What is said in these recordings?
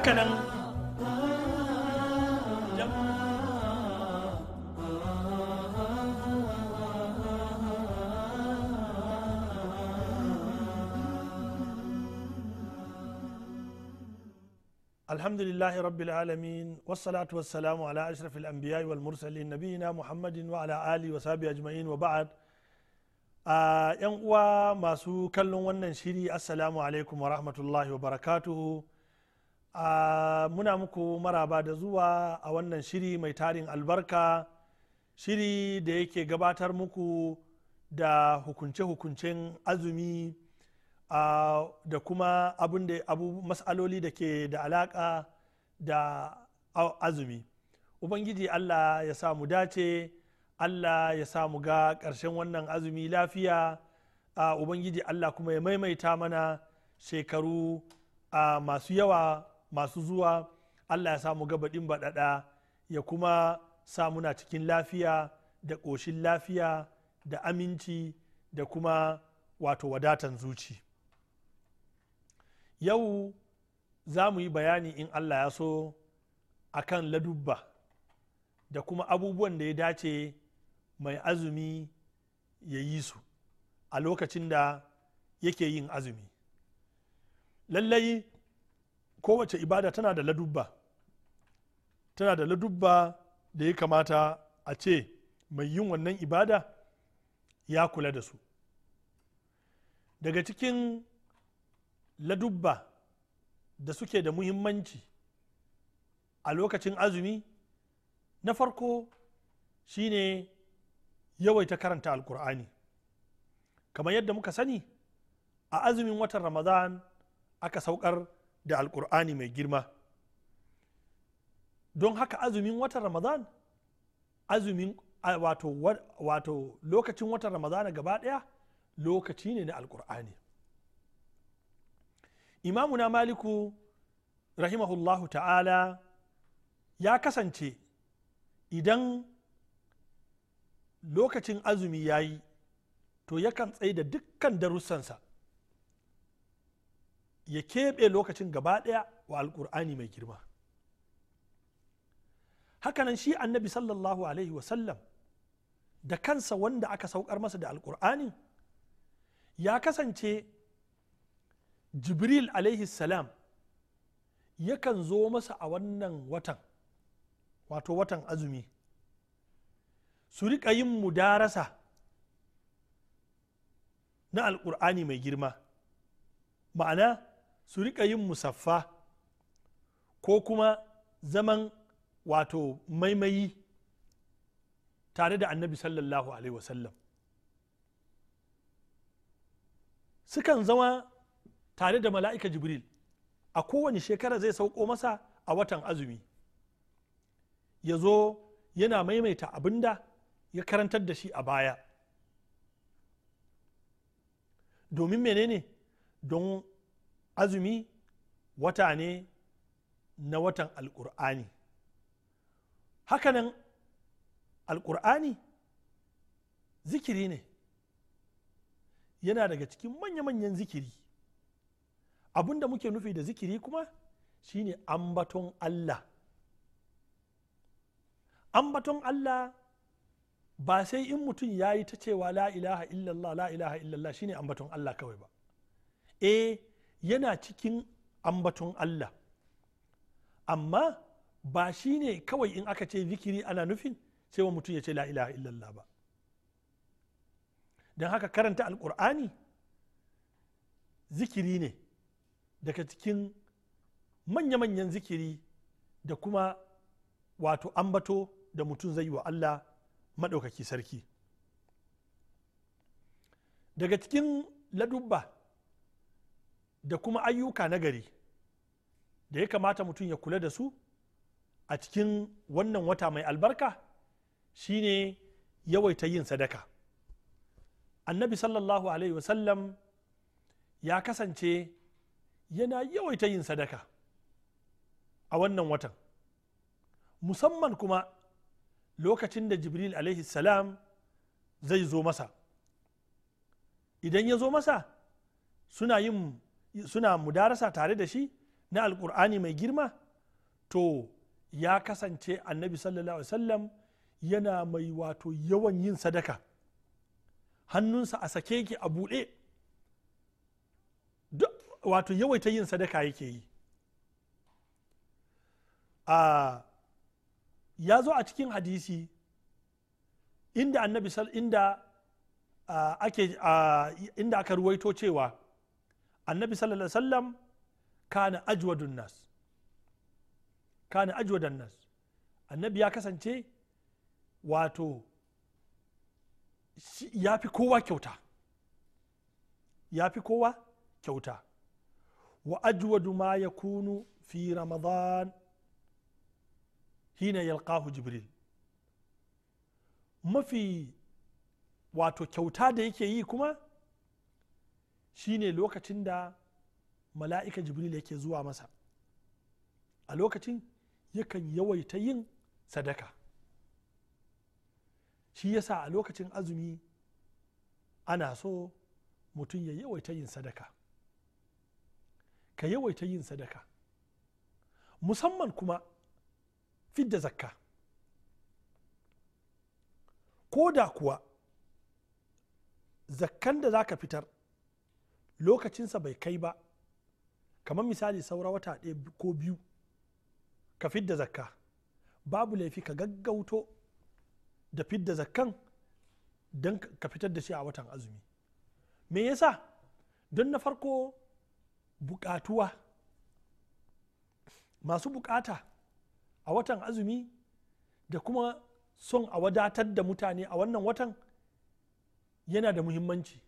haka nan الحمد لله رب العالمين والصلاة والسلام على أشرف الأنبياء والمرسلين نبينا محمد وعلى آله وصحبه أجمعين وبعد آه، ينقوى ما سو كلن ونن شيري السلام عليكم ورحمة الله وبركاته a muna muku maraba da zuwa a wannan shiri mai tarin albarka shiri da yake gabatar muku da hukunce-hukuncen azumi da kuma abun da abu masaloli da ke da alaka da azumi ubangiji allah ya sa mu dace allah ya sa mu ga ƙarshen wannan azumi lafiya ubangiji allah kuma ya maimaita mana shekaru masu yawa masu zuwa allah ya samu gabaɗin baɗaɗa ya kuma sa muna cikin lafiya da ƙoshin lafiya da aminci da kuma wato wadatan zuci yau za mu yi bayani in allah ya so a kan ladubba da kuma abubuwan da ya dace mai azumi ya yi su a lokacin da yake yin azumi lallai kowace ibada tana da ladubba tana da ladubba da ya kamata a ce mai yin wannan ibada ya kula da su daga cikin ladubba da suke da muhimmanci a lokacin azumi na farko shine ta karanta alkur'ani kamar yadda muka sani a azumin watan ramadan aka saukar da alkur'ani mai girma don haka azumin watan ramadan azumin wato, wato lokacin watan ramadan gaba daya lokaci ne na alkur'ani imamuna maliku rahimahullahu ta'ala ya kasance idan lokacin azumi ya yi to yakan tsaye da dukkan darussansa ya keɓe lokacin gaba ɗaya wa alƙur'ani mai girma hakanan shi annabi sallallahu alaihi wasallam da kansa wanda aka saukar masa da alƙur'ani ya kasance jibril alaihi salam yakan zo masa a wannan watan wato watan azumi su riƙa yin mudarasa na alƙur'ani mai girma ma'ana su rika yin musaffa ko kuma zaman wato maimayi tare da annabi sallallahu alaihi wasallam sukan zama tare da mala'ika jibril a kowane shekara zai sauko masa a watan azumi ya zo yana maimaita abinda ya karantar da shi a baya domin menene don azumi wata ne na watan alkur'ani hakanan alkur'ani zikiri ne yana daga cikin manya-manyan zikiri da muke nufi da zikiri kuma shine ambaton allah ambaton allah ba sai in mutum ya yi ta cewa la'ilaha ilaha illallah la ilaha illallah shine ambaton allah kawai ba eh yana cikin ambaton Allah amma ba shi ne kawai in aka ce zikiri ana nufin sai cewa mutum ya ce la'ila illallah ba don haka karanta alkur'ani zikiri ne daga cikin manya-manyan zikiri da kuma wato ambato da mutum zai yi wa Allah maɗaukaki sarki daga cikin ladubba da kuma ayyuka na gari da ya kamata mutum ya kula da su a cikin wannan wata mai albarka shine yawaita yin sadaka annabi sallallahu alaihi wasallam ya kasance yana yawaita yin sadaka a wannan watan musamman kuma lokacin da jibril alaihi salam zai zo masa idan ya zo masa suna yin suna mudarasa tare da shi na alkur'ani mai girma to ya kasance annabi sallallahu alaihi wasallam yana mai wato yawan yin sadaka hannunsa a sake yake a buɗe wato yawaita yin sadaka yake yi a ya zo a cikin hadisi inda annabi inda ake inda aka ruwaito cewa annabi sallallahu alaihi wasallam kana ajwadun nas kana ajwadan nas annabi ya kasance wato ya fi kowa kyauta ya fi kowa kyauta wa ajwadu ma ya kunu fi ramadan hina yalqahu jibril mafi wato kyauta da yake yi kuma shine lokacin da mala'ika jibril yake zuwa masa a lokacin yakan yawaita yin sadaka shi yasa a lokacin azumi ana so mutum ya yawaita yin sadaka ka yawaita yin sadaka musamman kuma fidda zakka ko da kuwa zakkan da za ka fitar lokacinsa bai kai ba kamar misali saura wata ɗaya ko biyu ka fidda zakka babu laifi ka gaggauto da fidda zakkan don ka fitar da shi a watan azumi me yasa don na farko bukatuwa masu bukata a watan azumi da kuma son a wadatar da mutane a wannan watan yana da muhimmanci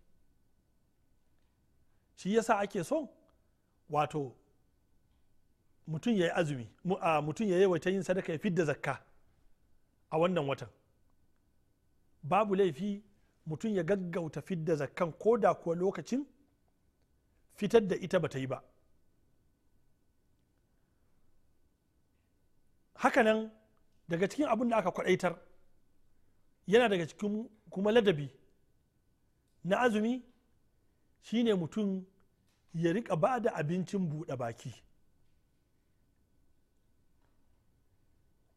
shi yasa ake so wato mutum ya yi azumi mutum ya yi wata yin sadaka ya fidda zakka a wannan watan babu laifi mutum ya gaggauta fidda zakkan ko da kuwa lokacin fitar da ita bata yi ba hakanan daga cikin abin da aka kwadaitar yana daga cikin kuma ladabi na azumi shine mutum ya rika ba da abincin buɗe baki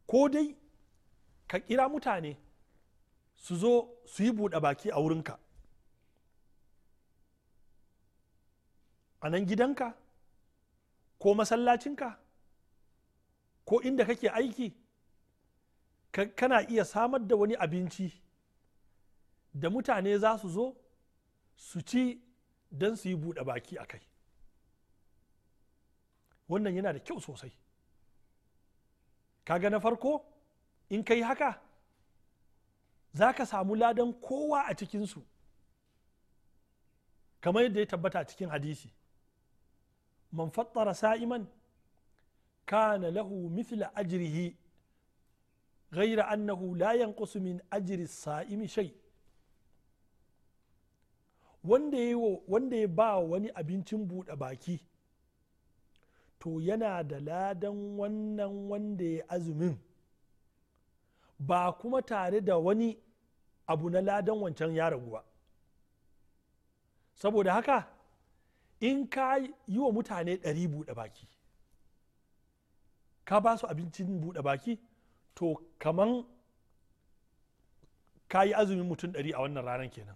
ko dai ka kira mutane su zo su yi buɗe baki a wurinka a nan gidanka ko masallacinka ko inda kake aiki kana iya samar da wani abinci da mutane za su zo su ci don su yi buɗe baki a kai wannan yana da kyau sosai kaga na farko in ka yi haka za ka samu ladan kowa a cikinsu kamar yadda ya tabbata a cikin hadisi man fattara sa'iman kana lahu mithla ajrihi غير annahu لا ينقص من أجر الصائم شيء wanda ya ba wani abincin buɗe baki to yana da ladan wannan wanda ya azumin ba kuma tare da wani abu na ladan wancan ya ragu ba saboda haka in ka yi wa mutane ɗari buɗe baki ka ba su abincin buɗe baki to kaman ka yi azumin mutum ɗari a wannan ranar kenan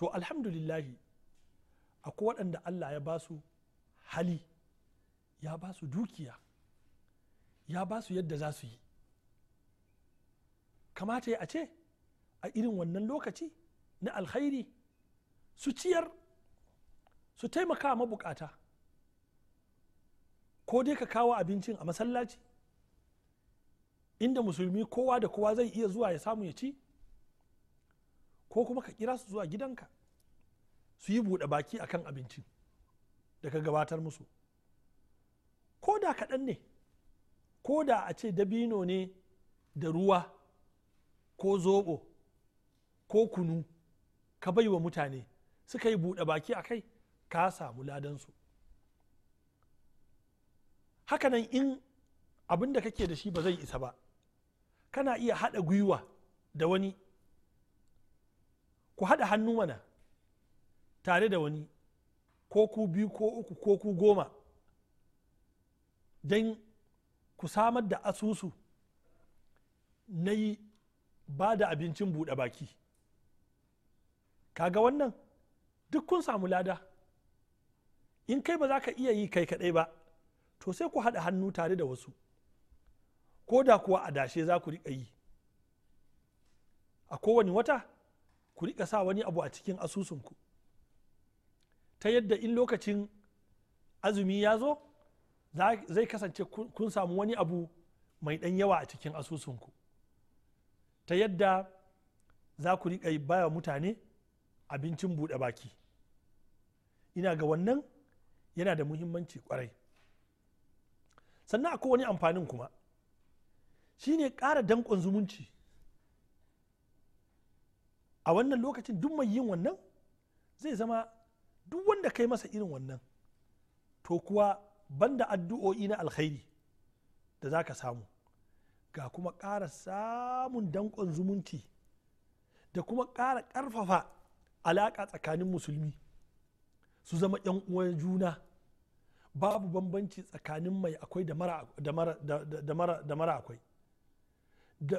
to alhamdulillahi akwai waɗanda allah ya basu hali ya basu dukiya ya basu yadda za su yi kamata ya a ce a irin wannan lokaci na alkhairi su ciyar su taimaka mabukata ko dai ka kawo abincin a masallaci inda musulmi kowa da kowa zai iya zuwa ya samu ya ci ko kuma ka kira su zuwa gidanka su yi buɗe baki akan abincin da ka gabatar musu ko da kaɗan ne ko da a ce dabino ne da ruwa ko zobo, ko kunu ka bai wa mutane suka yi buɗe baki a kai ka samu ladansu hakanan in abinda da kake da shi ba zai isa ba kana iya haɗa gwiwa da wani ku haɗa hannu mana tare da wani ko ku biyu ko uku ko ku goma don ku samar da asusu na yi ba da abincin buɗe baki kaga wannan duk kun samu lada in kai ba za ka iya yi kai kaɗai ba to sai ku haɗa hannu tare da wasu ko da kuwa adashe za ku riƙa yi a kowane wata ku rika sa wani abu a cikin asusunku ta yadda in lokacin azumi ya zo zai kasance kun samu wani abu mai ɗan yawa a cikin asusunku ta yadda za ku riƙa baya mutane abincin buɗe baki ina ga wannan yana da muhimmanci kwarai sannan akwai wani amfanin kuma shine ƙara danƙon zumunci a wannan lokacin duk mai yin wannan zai zama duk wanda kai masa irin wannan to kuwa banda addu'o'i na alkhairi da za ka samu ga kuma ƙara samun danƙon zumunci da kuma ƙara ƙarfafa alaƙa tsakanin musulmi su zama ‘yan uwan juna babu bambanci tsakanin mai akwai da mara akwai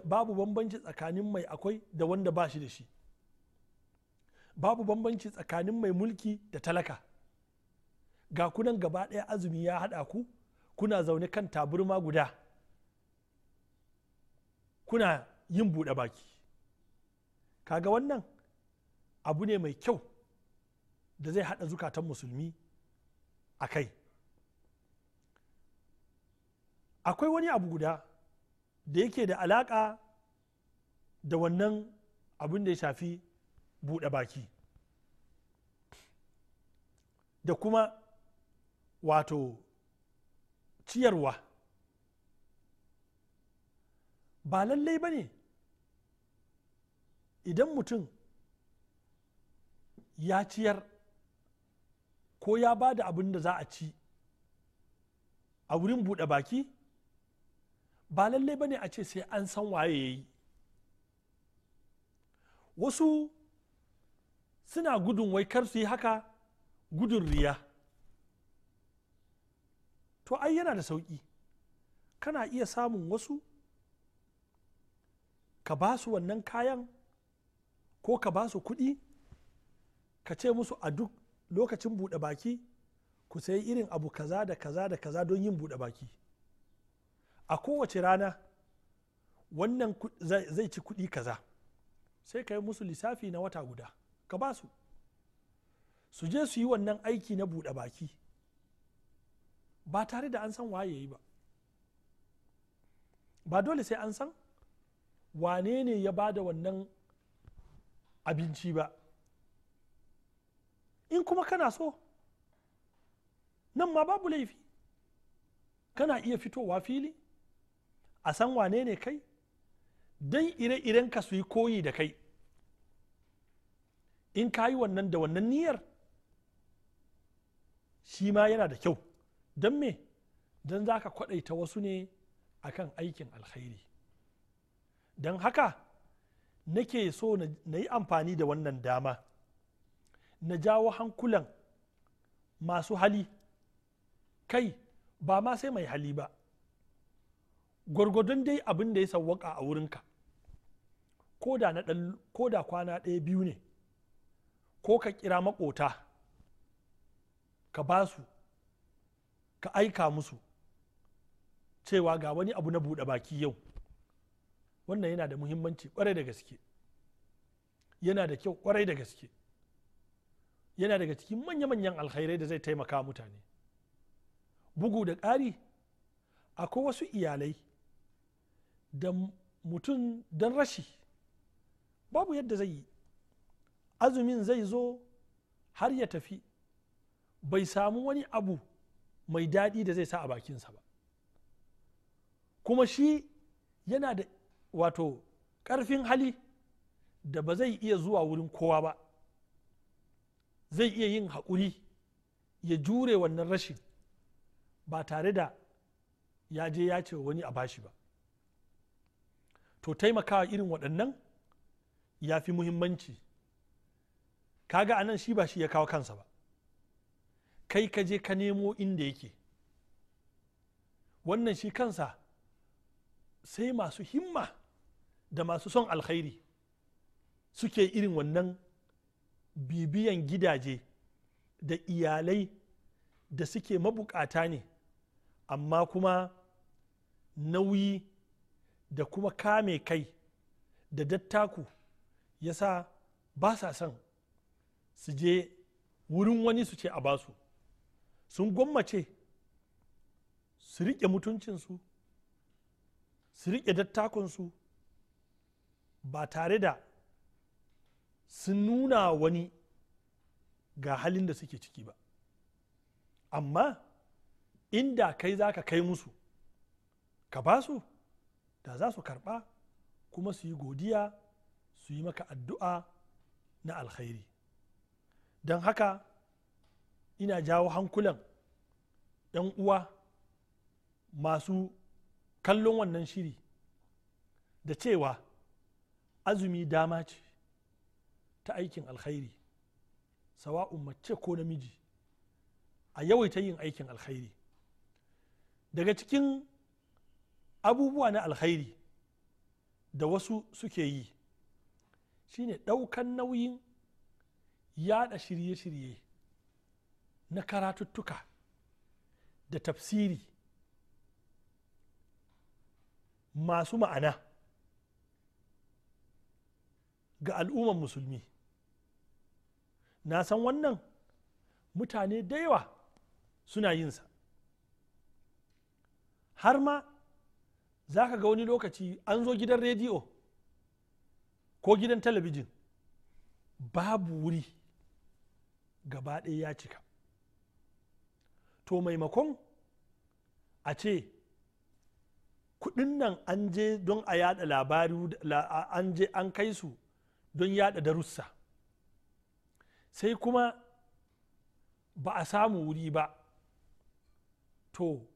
babu bambanci tsakanin mai akwai da wanda ba shi da shi babu bambanci tsakanin mai mulki da talaka ga kunan gaba ɗaya azumi ya haɗa ku kuna zaune kan taburma guda kuna yin buɗe baki kaga wannan abu ne mai kyau da zai haɗa zukatan musulmi a kai akwai wani abu guda da yake da alaƙa da wannan abin da ya shafi buɗe baki da kuma wato ciyarwa ba lallai ba ne idan mutum ya ciyar ko ya ba da abin da za a ci a wurin buɗe baki ba lallai ba ne a ce sai an san waye ya yi wasu suna gudun wai kar su yi haka gudun riya to ai yana da sauƙi kana iya samun wasu ka ba su wannan kayan ko ka ba su kuɗi ka ce musu a duk lokacin buɗe baki ku sayi irin abu kaza da kaza da kaza don yin buɗe baki a kowace rana wannan zai ci kuɗi kaza sai ka yi musu lissafi na wata guda ka ba su su je su yi wannan aiki na buɗe baki ba tare da an san waye yi ba ba dole sai an san wane ne ya ba da wannan abinci ba in kuma kana so nan ma babu laifi kana iya fitowa fili a san wane ne kai don ire-irenka su yi koyi da kai in ka yi wannan da wannan niyyar shi ma yana da kyau don me don za ka kwadaita wasu ne akan aikin alkhairi don haka nake so na yi amfani da wannan dama na jawo hankulan masu hali kai ba ma sai mai hali ba gwargwadon dai abin da ya sauwaka a wurinka ko da kwana ɗaya biyu ne ko ka kira maƙota ka ba su ka aika musu cewa ga wani abu na buɗe baki yau wannan yana da muhimmanci kwarai da gaske yana da kyau kwarai da gaske yana daga cikin manya-manyan alkhairai da zai taimaka mutane bugu da ƙari akwai wasu iyalai da mutum don rashi babu yadda zai yi azumin zai zo har ya tafi bai samu wani abu mai daɗi da zai sa a bakinsa ba kuma shi yana da wato ƙarfin hali da ba zai iya zuwa wurin kowa ba zai iya yin haƙuri ya jure wannan rashin ba tare da ya je ya ce wani a bashi ba to taimakawa irin waɗannan ya fi muhimmanci kaga anan shi ba shi ya kawo kansa ba kai ka je ka nemo inda yake wannan shi kansa sai masu himma da masu son alkhairi suke irin wannan bibiyan gidaje da iyalai da suke mabukata ne amma kuma nauyi da kuma kame kai da dattaku ya sa ba sa son su je wurin wani su ce a basu sun gwammace su riƙe mutuncinsu su riƙe dattakonsu ba tare da sun nuna wani ga halin da suke ciki ba amma inda kai za ka kai musu ka ba su da za su karɓa kuma su yi godiya su yi maka addu'a na alkhairi don haka ina jawo hankulan 'yan uwa masu kallon wannan shiri da cewa azumi dama ce ta aikin alkhairi sawa'un mace ko namiji a yawaita yin aikin alkhairi daga cikin abubuwa na alkhairi da wasu suke yi shine ɗaukan nauyin yada shirye-shirye na karatuttuka da tafsiri masu ma'ana ga al'umman musulmi na san wannan mutane da yawa suna yinsa har ma za ka ga wani lokaci an zo gidan rediyo ko gidan talabijin babu wuri gaba ɗaya ya cika to maimakon a ce kudin nan an je don a yada labari an je an kai su don yada darussa sai kuma ba a samu wuri ba to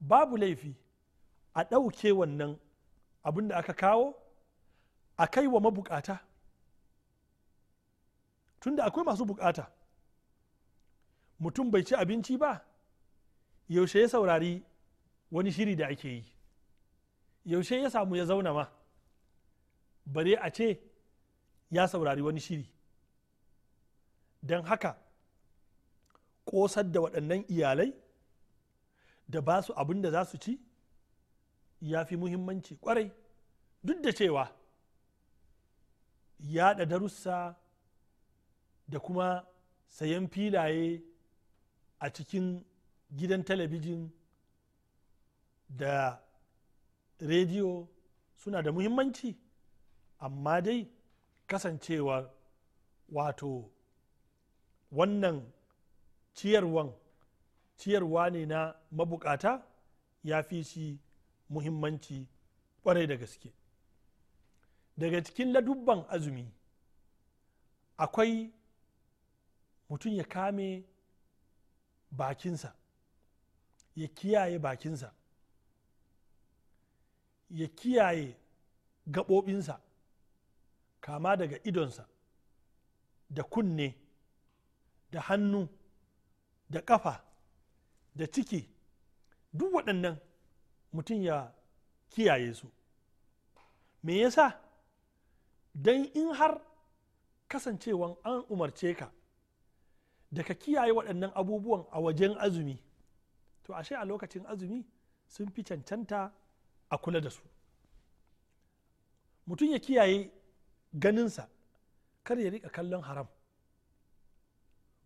babu laifi a ɗauke wannan abin da aka kawo a kai wa mabukata tunda akwai masu bukata mutum bai ci abinci ba yaushe ya saurari wani shiri da ake yi yaushe ya samu ya zauna ma bare a ce ya saurari wani shiri don haka ƙosar da waɗannan iyalai da ba su abin da za su ci ya fi muhimmanci kwarai duk da cewa yaɗa darussa da kuma sayan filaye a cikin gidan talabijin da rediyo suna da muhimmanci amma dai kasancewa wato wannan ciyarwan ciyarwa ne na mabukata ya fi shi muhimmanci kwarai da gaske daga cikin ladubban azumi akwai mutum ya kame bakinsa ya kiyaye bakinsa ya kiyaye gaɓoɓinsa kama daga idonsa da kunne da hannu da ƙafa da ciki duk waɗannan mutum ya kiyaye su me yasa don in har kasancewan an umarce ka da ka kiyaye waɗannan abubuwan a wajen azumi to ashe a lokacin azumi sun fi cancanta a kula da su mutum ya kiyaye ganinsa kar ya rika kallon haram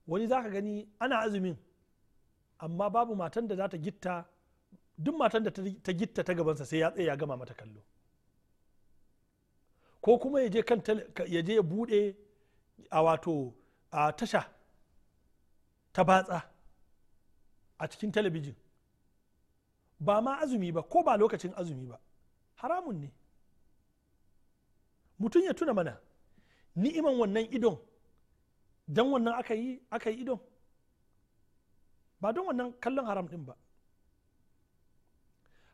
wani za ka gani ana azumin amma babu matan da za ta gitta duk matan da ta gitta ta gabansa sai ya tsaye ya gama mata kallo ko kuma ya je ya bude a wato a tasha ta batsa a cikin talabijin ba ma azumi ba ko ba lokacin azumi ba haramun ne mutum ya tuna mana ni'iman wannan idon don wannan aka yi aka yi idon ba don wannan kallon haram din ba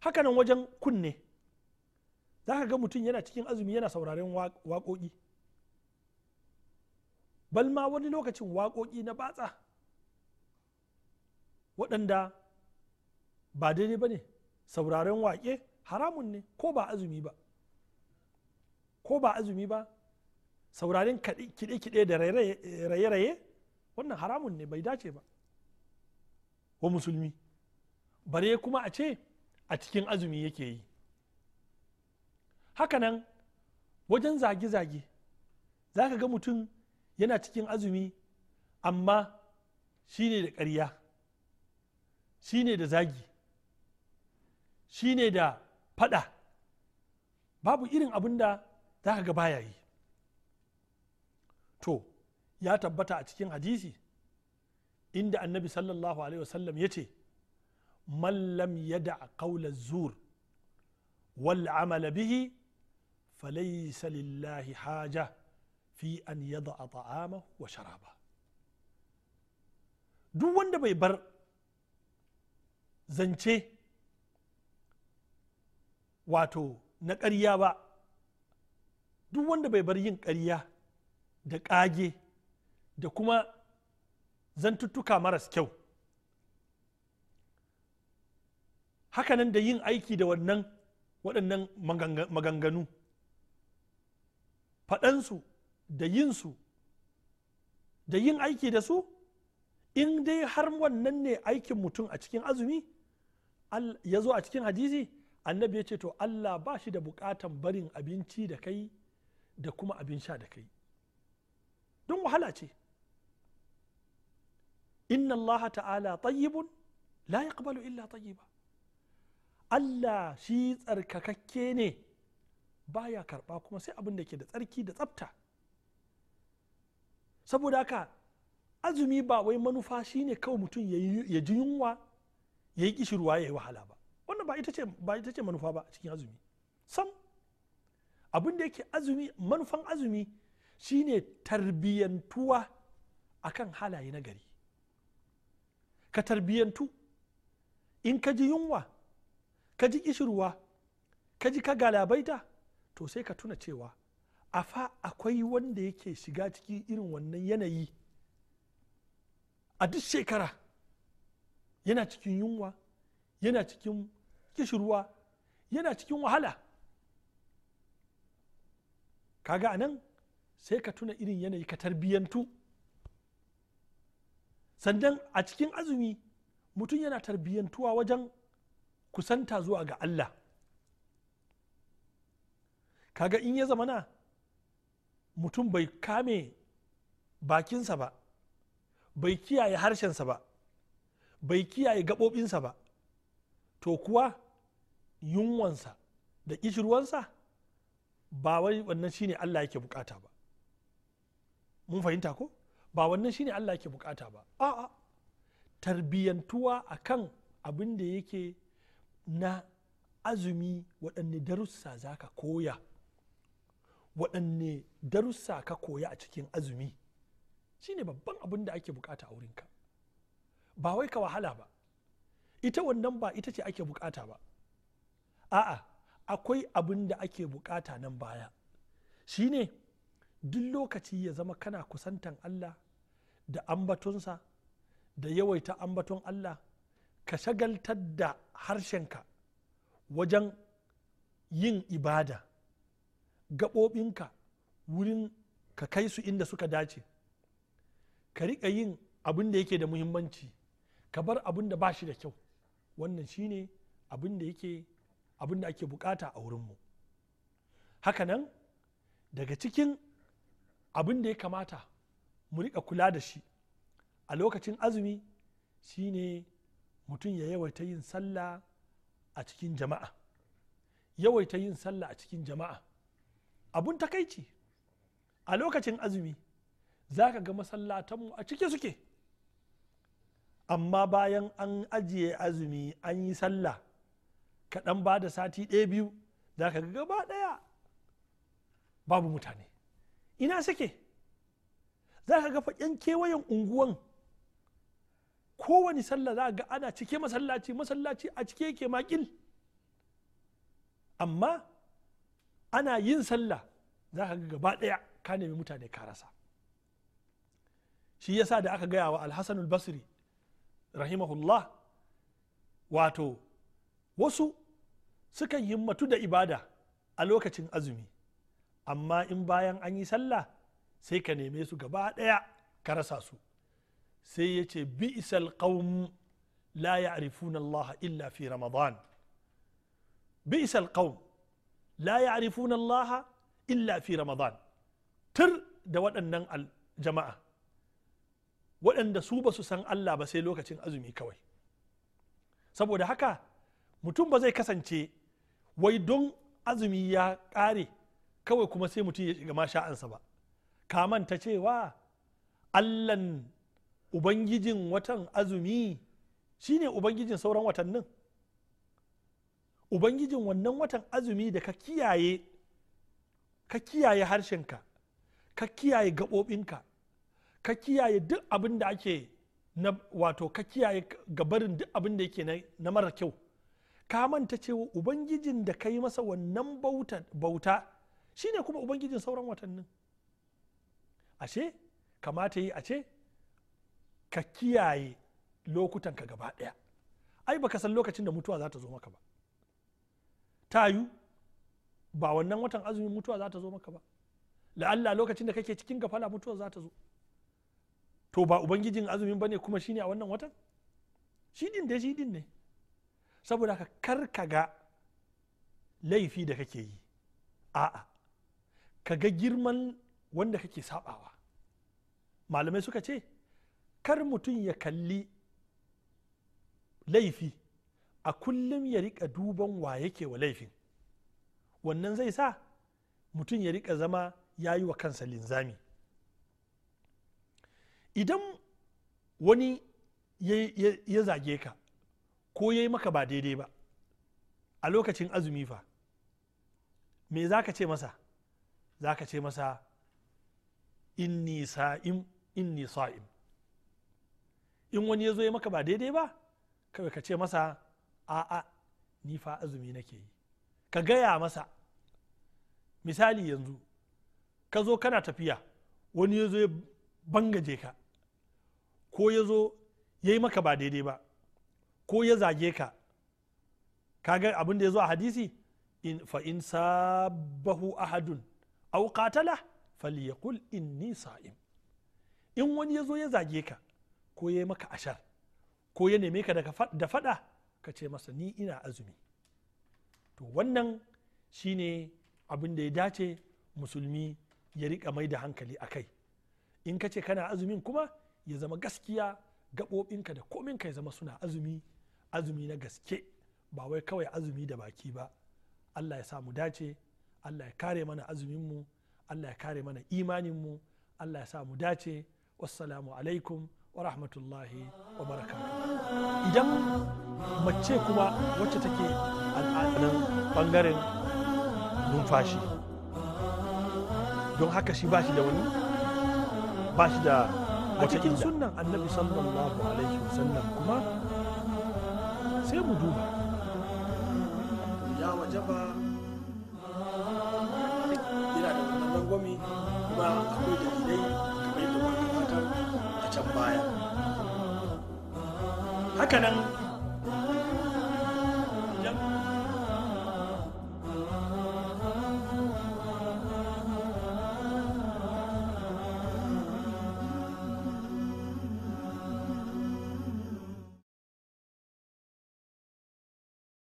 hakanan wajen kunne za ka ga mutum yana cikin azumi yana sauraren waƙoƙi balma wani lokacin waƙoƙi na batsa waɗanda ba daidai ba ne sauraren waƙe haramun ne ko ba azumi ba ko ba azumi ba sauraren kiɗe-kiɗe da raye-raye wannan haramun ne bai dace ba wa musulmi bare kuma a ce a cikin azumi yake yi hakanan wajen zage-zage za ka ga mutum yana cikin azumi amma shi ne da ƙarya shine da zagi shine da fada babu irin abin da za ka ga baya yi to ya tabbata a cikin hadisi inda annabi sallallahu alaihi wasallam ya ce mallam yada qawla zur wal amala bihi falaisa lillahi haja fi an yada ta'amahu wa sharaba duk wanda bai bar zance wato na ƙarya ba duk wanda bai bar yin ƙarya da ƙage da kuma zantuttuka maras kyau hakanan da yin aiki da wannan waɗannan maganganu faɗansu da yinsu da yin aiki da su in dai har wannan ne aikin mutum a cikin azumi ya zo a cikin hadisi annabi ya ce to allah ba shi da bukatan barin abinci da kai da kuma abin sha da kai don wahala ce inna allah ta'ala tayyibun la yaqbalu illa tayyiba allah shi tsarkakakke ne baya karba kuma sai abin da ke da tsarki da tsafta saboda haka azumi ba wai manufa shine kawai mutum ya ji yunwa ya yi kishirwa ya yi wahala ba wannan ba ita ce manufa ba cikin azumi sam abin da yake azumi manufan azumi shine tarbiyyantuwa akan halaye na gari ka tarbiyyantu in ka ji yunwa ka ji kishirwa ka ji ka galabaita to sai ka tuna cewa a fa akwai wanda yake shiga cikin irin wannan yanayi a duk shekara yana cikin yunwa yana cikin kishirwa yana cikin wahala kaga nan sai ka tuna irin yanayi ka tarbiyyantu sannan a cikin azumi mutum yana tarbiyyantuwa wajen kusanta zuwa ga allah kaga in ya zamana mutum bai kame bakinsa ba bai kiyaye harshensa ba bai kiyaye gaɓoɓinsa ba to kuwa yunwansa da ƙishirwansa ba wai wannan shine Allah yake bukata ba mun fahimta ko ba wannan shine Allah yake bukata ba a'a tarbiyyantuwa akan abin da yake na azumi waɗanne darussa za ka koya waɗanne darussa ka koya a cikin azumi shine babban abin da ake bukata a wurinka ba wai ka wahala ba ita wannan ba ita ce ake bukata ba a'a akwai abin da ake bukata nan baya shine duk lokaci ya zama kana kusantan allah da ambatonsa da yawaita ambaton allah ka shagaltar da harshenka wajen yin ibada gaɓoɓinka wurin ka kai su inda suka dace ka riƙa yin abin da yake da muhimmanci ka bar abin da ba shi da kyau wannan shine abin da yake abin da ake bukata a wurinmu hakanan daga cikin abin da ya kamata mu riƙa kula da shi a lokacin azumi shi ne mutum ya yawaita yin sallah a cikin jama'a yawaita yin sallah a cikin jama'a abun takaici a lokacin azumi za ka ga masallatanmu a cike suke amma bayan an ajiye azumi an yi sallah kaɗan ba da sati ɗaya biyu za ka gaba ɗaya babu mutane ina suke za ka ga ƴan kewayen unguwan kowane sallah za ga ana cike masallaci masallaci a cike yake makil amma ana yin sallah za ka gaba ɗaya ka nemi mutane ka rasa shi yasa da aka gaya wa alhassanul basri rahimahullah wato wasu sukan himmatu da ibada a lokacin azumi amma in bayan an yi sallah sai ka neme su gaba ɗaya ka rasa su sai ya ce bi isal qawm la ya'rifuna Allah illa fi ramadan bi isal qawm la ya'rifuna Allah illa fi ramadan tur da waɗannan jama'a waɗanda su ba su san Allah ba sai lokacin azumi kawai saboda haka mutum ba zai kasance wai don azumi ya ƙare kawai kuma sai mutum ya shiga masha'ansa ba ta cewa allan ubangijin watan azumi shine ubangijin sauran watannin ubangijin wannan watan azumi da ka kiyaye ka kiyaye harshenka ka kiyaye gaɓoɓinka ka kiyaye duk abin da ake na wato ka kiyaye gabarin duk abin da yake na mara kyau ka manta cewa ubangijin da ka yi masa wannan bauta shine kuma ubangijin sauran watannin ashe kamata yi a ce ka kiyaye lokutanka gaba ɗaya ai baka san lokacin da mutuwa za ta zo maka ba tayu ba wannan watan azumin mutuwa za ta zo maka ba la'alla lokacin da kake cikin gafala mutuwa za ta zo to ba ubangijin azumin bane kuma shine a wannan watan shi din da shi din ne saboda ka karka ga laifi da kake yi a'a ka ga girman wanda kake sabawa malamai suka ce kar mutum ya kalli laifi a kullum ya rika duban wa yake wa laifin wannan zai sa mutum ya rika zama ya yi wa kansa linzami idan wani ya zage ka ko ya yi maka ba daidai ba a lokacin azumi fa me za ka ce masa za ka ce masa inni sa'im inni sa'im in wani ya zo ya maka ba daidai ba kawai ka ce masa a'a ni fa azumi nake yi ka gaya masa misali yanzu ka zo kana tafiya wani ya zo ya bangaje ka ko ya zo ya yi maka ba daidai ba ko ya zage ka kaga abin da ya zo a hadisi in fa in sabahu ahadun aw qatala falyakul inni sa'im in wani ya zo ya zage ka ko ya yi maka ashar ko ya neme ka da fada ka ce masa ni ina azumi to wannan shine abin da ya dace musulmi ya rika mai da hankali a kai in ka ce kana azumin kuma ya zama gaskiya gaɓoɓinka da kominka ya zama suna azumi azumi na gaske ba wai kawai azumi da baki ba allah ya samu dace allah ya kare mana azuminmu allah ya kare mana imaninmu allah ya samu dace wassalamu alaikum wa rahmatullahi wa baraka. idan mace kuma wacce take al'adunan bangaren numfashi don haka shi ba shi da wani ba shi da a cikin sunnan annabi sallallahu alaihi wasallam kuma sai mu duba ya waje ba yana da wannan rangwami kuma akwai dalilai kamar yadda wani a can baya hakanan